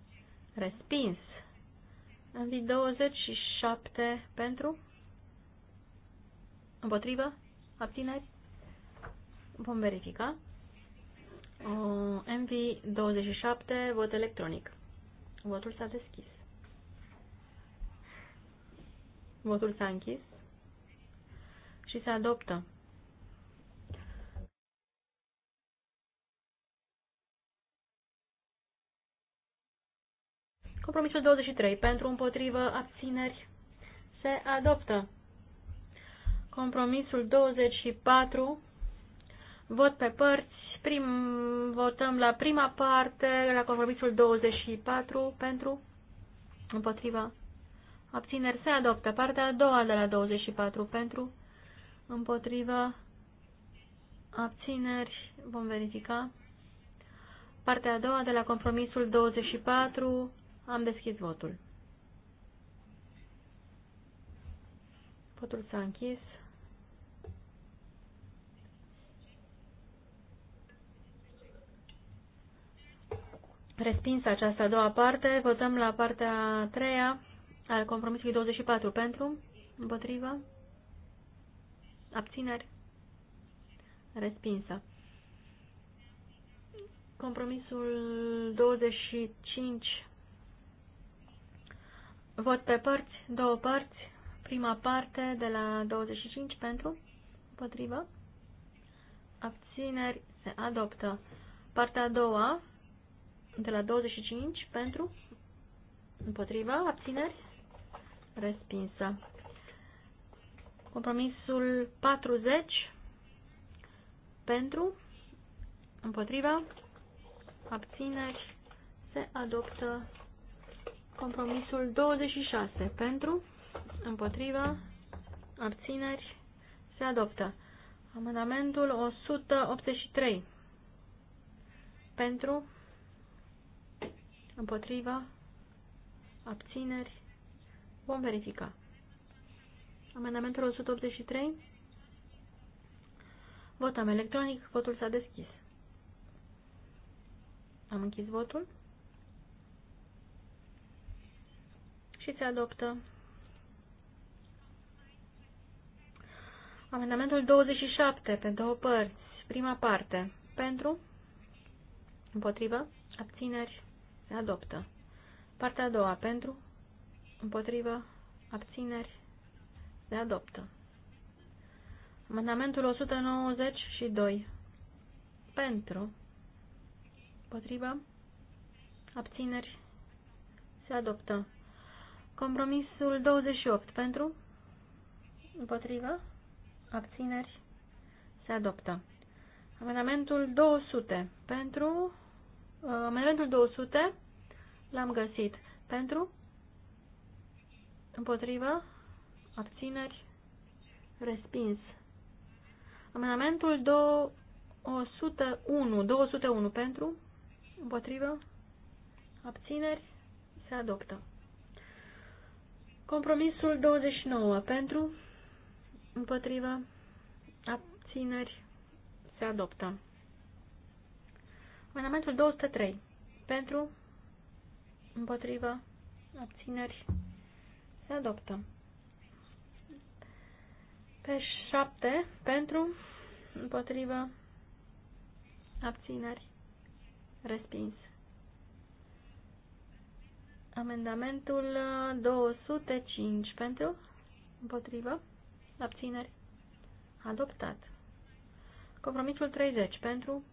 Respins. Envy 27 pentru, împotrivă, abțineri, vom verifica. Uh, 27, vot electronic. Votul s-a deschis. Votul s-a închis și se adoptă Compromisul 23. Pentru, împotrivă, abțineri se adoptă. Compromisul 24. Vot pe părți. Prim, votăm la prima parte, la compromisul 24, pentru, împotriva, abțineri se adoptă. Partea a doua de la 24, pentru, împotriva, abțineri, vom verifica. Partea a doua de la compromisul 24, am deschis votul. Votul s-a închis. Respins această a doua parte, votăm la partea a treia al compromisului 24 pentru, împotriva, abțineri, respinsă. Compromisul 25 Vot pe părți, două părți. Prima parte de la 25 pentru, împotrivă. Abțineri se adoptă. Partea a doua de la 25 pentru, împotriva, abțineri, respinsă. Compromisul 40 pentru, împotriva, abțineri, se adoptă Compromisul 26 pentru, împotriva, abțineri, se adoptă. Amendamentul 183 pentru, împotriva, abțineri, vom verifica. Amendamentul 183, votăm electronic, votul s-a deschis. Am închis votul. și se adoptă. Amendamentul 27 pe două părți. Prima parte. Pentru. Împotrivă. Abțineri. Se adoptă. Partea a doua. Pentru. Împotrivă. Abțineri. Se adoptă. Amendamentul 192. Pentru. Împotrivă. Abțineri. Se adoptă. Compromisul 28 pentru, împotrivă, abțineri, se adoptă. Amendamentul 200 pentru, uh, amendamentul 200 l-am găsit pentru, împotrivă, abțineri, respins. Amendamentul 201, 201 pentru, împotrivă, abțineri, se adoptă. Compromisul 29 pentru, împotriva, abțineri, se adoptă. Amendamentul 203 pentru, împotriva, abțineri, se adoptă. Pe 7 pentru, împotriva, abțineri, respins. Amendamentul 205 uh, pentru, împotrivă, abțineri, adoptat. Compromisul 30 pentru,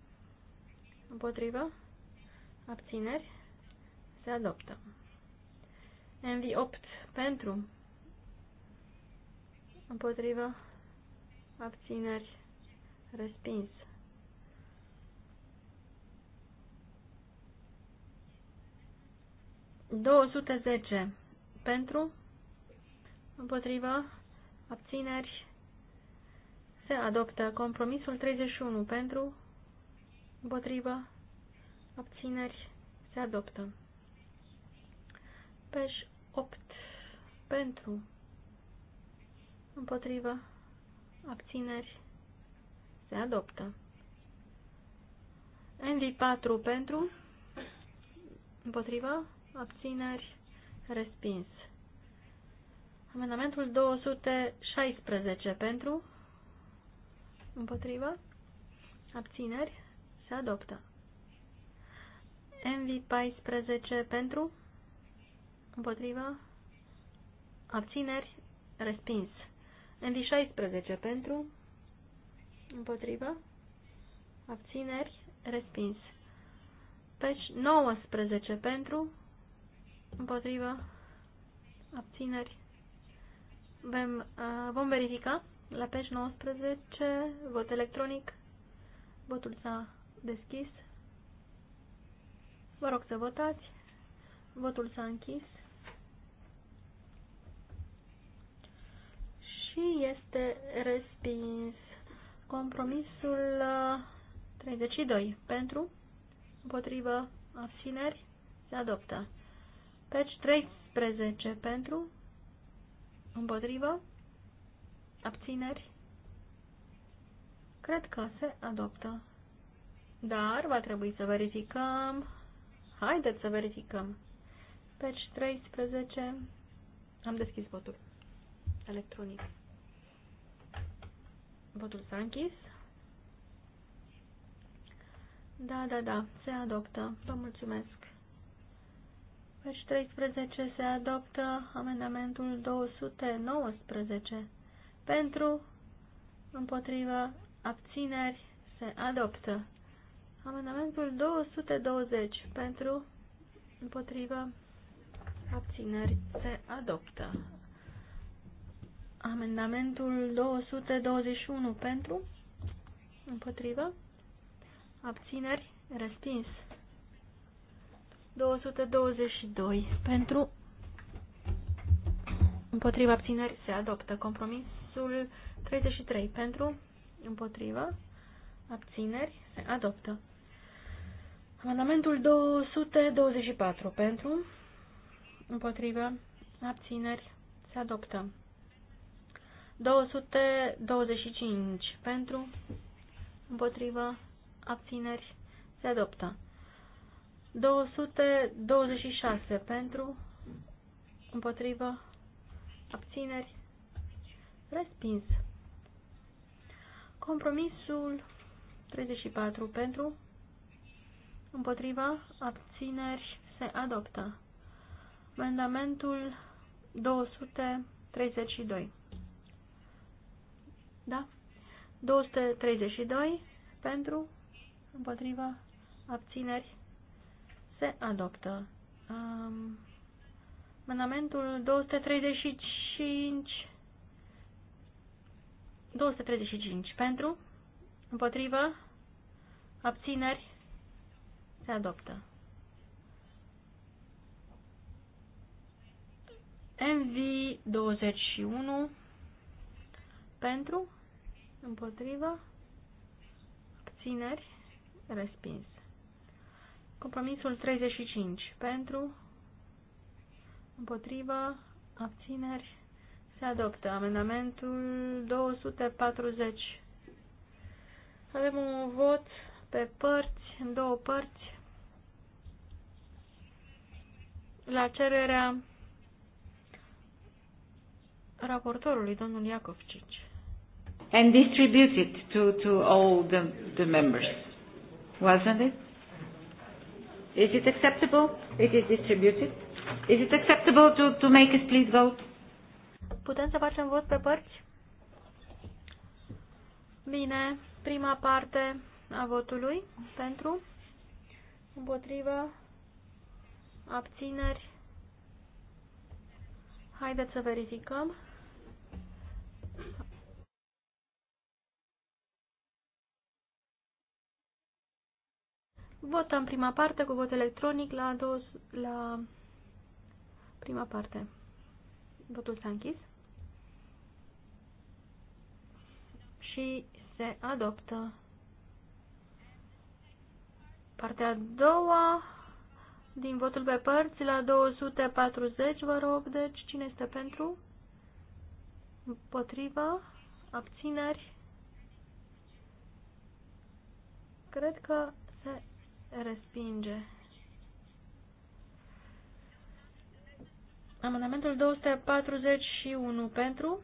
împotrivă, abțineri, se adoptă. MV8 pentru, împotrivă, abțineri, respins. 210 pentru, împotriva, abțineri, se adoptă. Compromisul 31 pentru, împotriva, abțineri, se adoptă. Peș 8 pentru, împotriva, abțineri, se adoptă. NV4 pentru, împotriva, abțineri, respins. Amendamentul 216 pentru, împotriva, abțineri, se adoptă. MV14 pentru, împotriva, abțineri, respins. MV16 pentru, împotriva, abțineri, respins. Peci 19 pentru, împotrivă, abțineri. Vom, uh, vom verifica la page 19, vot electronic, votul s-a deschis. Vă rog să votați. Votul s-a închis. Și este respins compromisul 32 uh, pentru, împotrivă, abțineri, se adoptă. Deci 13 pentru, împotrivă, abțineri. Cred că se adoptă. Dar va trebui să verificăm. Haideți să verificăm. Deci 13. Am deschis votul electronic. Votul s-a închis. Da, da, da, se adoptă. Vă mulțumesc. Deci 13 se adoptă amendamentul 219. Pentru, împotrivă, abțineri se adoptă. Amendamentul 220. Pentru, împotrivă, abțineri se adoptă. Amendamentul 221. Pentru, împotrivă, abțineri respins. 222 pentru împotriva abțineri se adoptă. Compromisul 33 pentru împotriva abțineri se adoptă. Amendamentul 224 pentru împotriva abțineri se adoptă. 225 pentru împotriva abțineri se adoptă. 226 pentru, împotrivă, abțineri, respins. Compromisul 34 pentru, împotriva, abțineri, se adoptă. Amendamentul 232. Da? 232 pentru, împotriva, abțineri, se adoptă. Um, amendamentul 235 235 pentru, împotrivă, abțineri, se adoptă. MV21 pentru, împotrivă, abțineri, respins. Compromisul 35. Pentru, împotrivă, abțineri, se adoptă. Amendamentul 240. Avem un vot pe părți, în două părți, la cererea raportorului, domnul Iacovcici. And distributed to, to all the, the members, wasn't it? Is it acceptable? It is distributed. Is it acceptable to, to make a split vote? Putem să facem vot pe părți? Bine, prima parte a votului pentru, împotrivă, abțineri. Haideți să verificăm. în prima parte cu vot electronic la, dos, la prima parte. Votul s-a închis. Și se adoptă. Partea a doua din votul pe părți la 240, vă rog, deci cine este pentru? potrivă, Abțineri? Cred că se respinge. Amendamentul 241 pentru,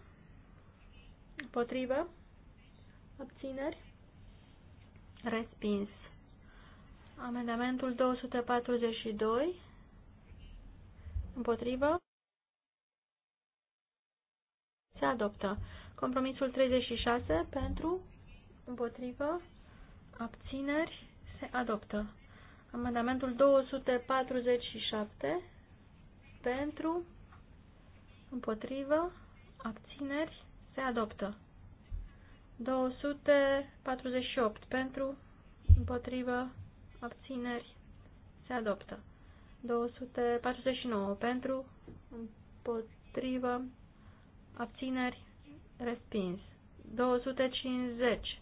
potrivă, abțineri, respins. Amendamentul 242 împotrivă, se adoptă. Compromisul 36 pentru, împotrivă, abțineri, se adoptă. Amendamentul 247 pentru, împotrivă, abțineri, se adoptă. 248 pentru, împotrivă, abțineri, se adoptă. 249 pentru, împotrivă, abțineri, respins. 250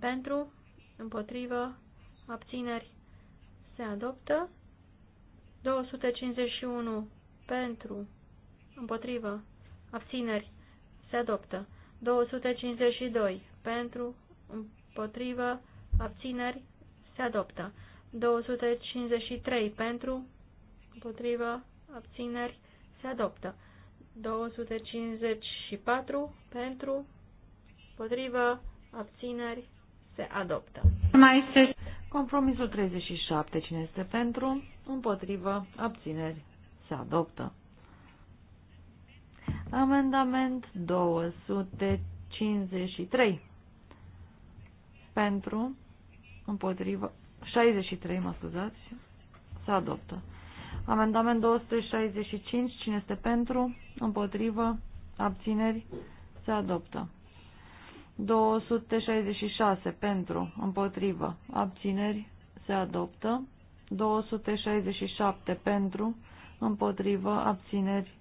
pentru, împotrivă, abțineri, se adoptă. 251 pentru, împotrivă, abțineri, se adoptă. 252 pentru, împotrivă, abțineri, se adoptă. 253 pentru, împotrivă, abțineri, se adoptă. 254 pentru, împotrivă, abțineri, se adoptă. Mai este compromisul 37, cine este pentru, împotrivă, abțineri, se adoptă. Amendament 253 pentru, împotrivă, 63, mă scuzați, se adoptă. Amendament 265, cine este pentru, împotrivă, abțineri, se adoptă. 266 pentru, împotrivă, abțineri, se adoptă. 267 pentru, împotrivă, abțineri,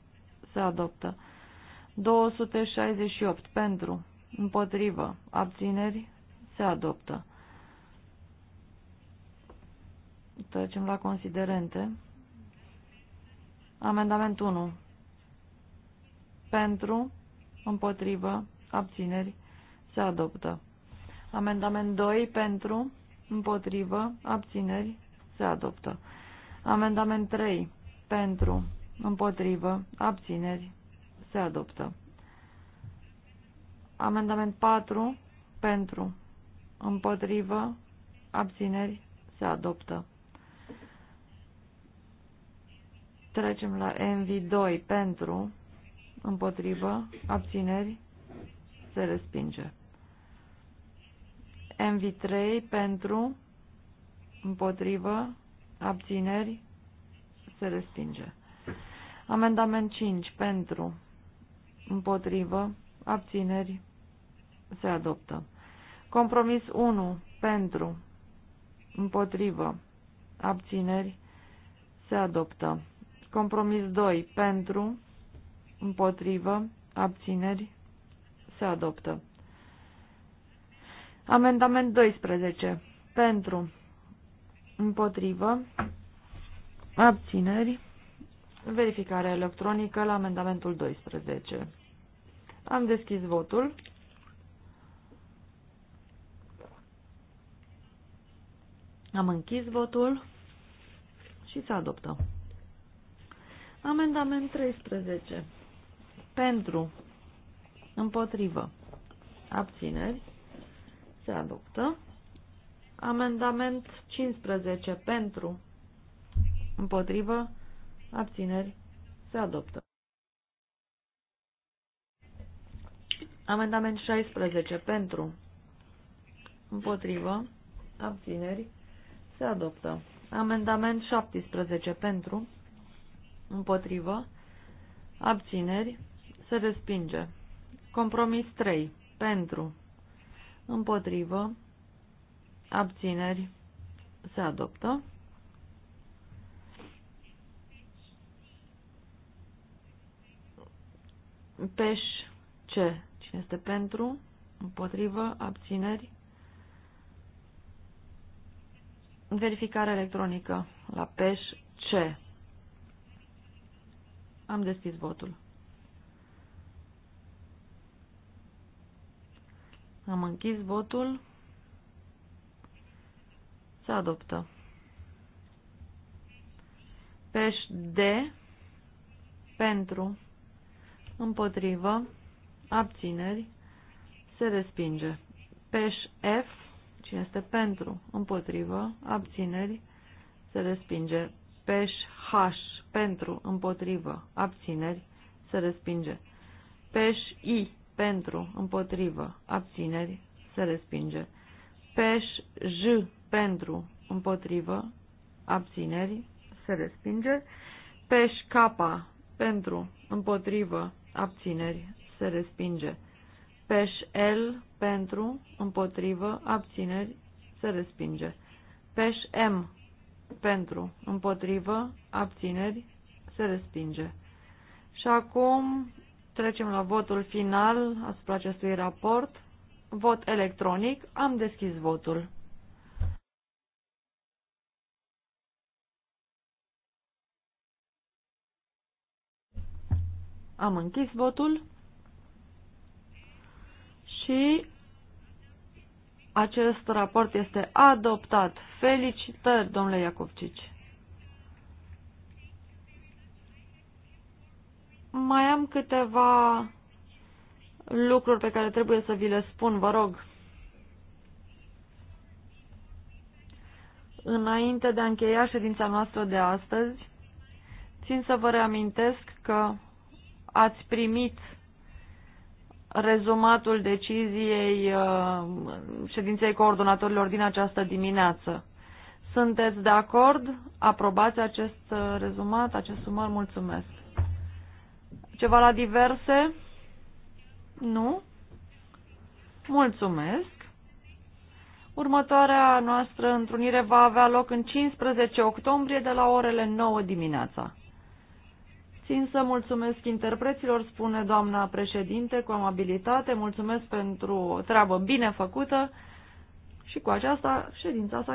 se adoptă. 268 pentru, împotrivă, abțineri, se adoptă. Trecem la considerente. Amendament 1. Pentru, împotrivă, abțineri, se adoptă. Amendament 2 pentru, împotrivă, abțineri, se adoptă. Amendament 3 pentru, împotrivă, abțineri, se adoptă. Amendament 4 pentru, împotrivă, abțineri, se adoptă. Trecem la NV2 pentru, împotrivă, abțineri, se respinge. MV3 pentru, împotrivă, abțineri, se respinge. Amendament 5 pentru, împotrivă, abțineri, se adoptă. Compromis 1 pentru, împotrivă, abțineri, se adoptă. Compromis 2 pentru, împotrivă, abțineri, se adoptă. Amendament 12. Pentru. Împotrivă. Abțineri. Verificare electronică la amendamentul 12. Am deschis votul. Am închis votul și se adoptă. Amendament 13. Pentru. Împotrivă. Abțineri. Se adoptă. Amendament 15 pentru, împotrivă, abțineri, se adoptă. Amendament 16 pentru, împotrivă, abțineri, se adoptă. Amendament 17 pentru, împotrivă, abțineri, se respinge. Compromis 3 pentru, împotrivă, abțineri, se adoptă. Peș, ce? Cine este pentru, împotrivă, abțineri, verificare electronică la peș, ce? Am deschis votul. Am închis votul. Se adoptă. Peș D pentru împotrivă abțineri se respinge. Peș F cine este pentru împotrivă abțineri se respinge. Peș H pentru împotrivă abțineri se respinge. Peș I pentru, împotrivă, abțineri, se respinge. Peș, J, pentru, împotrivă, abțineri, se respinge. Peș, capa, pentru, împotrivă, abțineri, se respinge. Peș, L, pentru, împotrivă, abțineri, se respinge. Peș, M, pentru, împotrivă, abțineri, se respinge. Și acum Trecem la votul final asupra acestui raport. Vot electronic. Am deschis votul. Am închis votul și acest raport este adoptat. Felicitări, domnule Iacovcici! Mai am câteva lucruri pe care trebuie să vi le spun, vă rog. Înainte de a încheia ședința noastră de astăzi, țin să vă reamintesc că ați primit rezumatul deciziei uh, ședinței coordonatorilor din această dimineață. Sunteți de acord? Aprobați acest uh, rezumat, acest sumar? Mulțumesc! Ceva la diverse? Nu? Mulțumesc! Următoarea noastră întrunire va avea loc în 15 octombrie de la orele 9 dimineața. Țin să mulțumesc interpreților, spune doamna președinte, cu amabilitate, mulțumesc pentru o treabă bine făcută și cu aceasta ședința s-a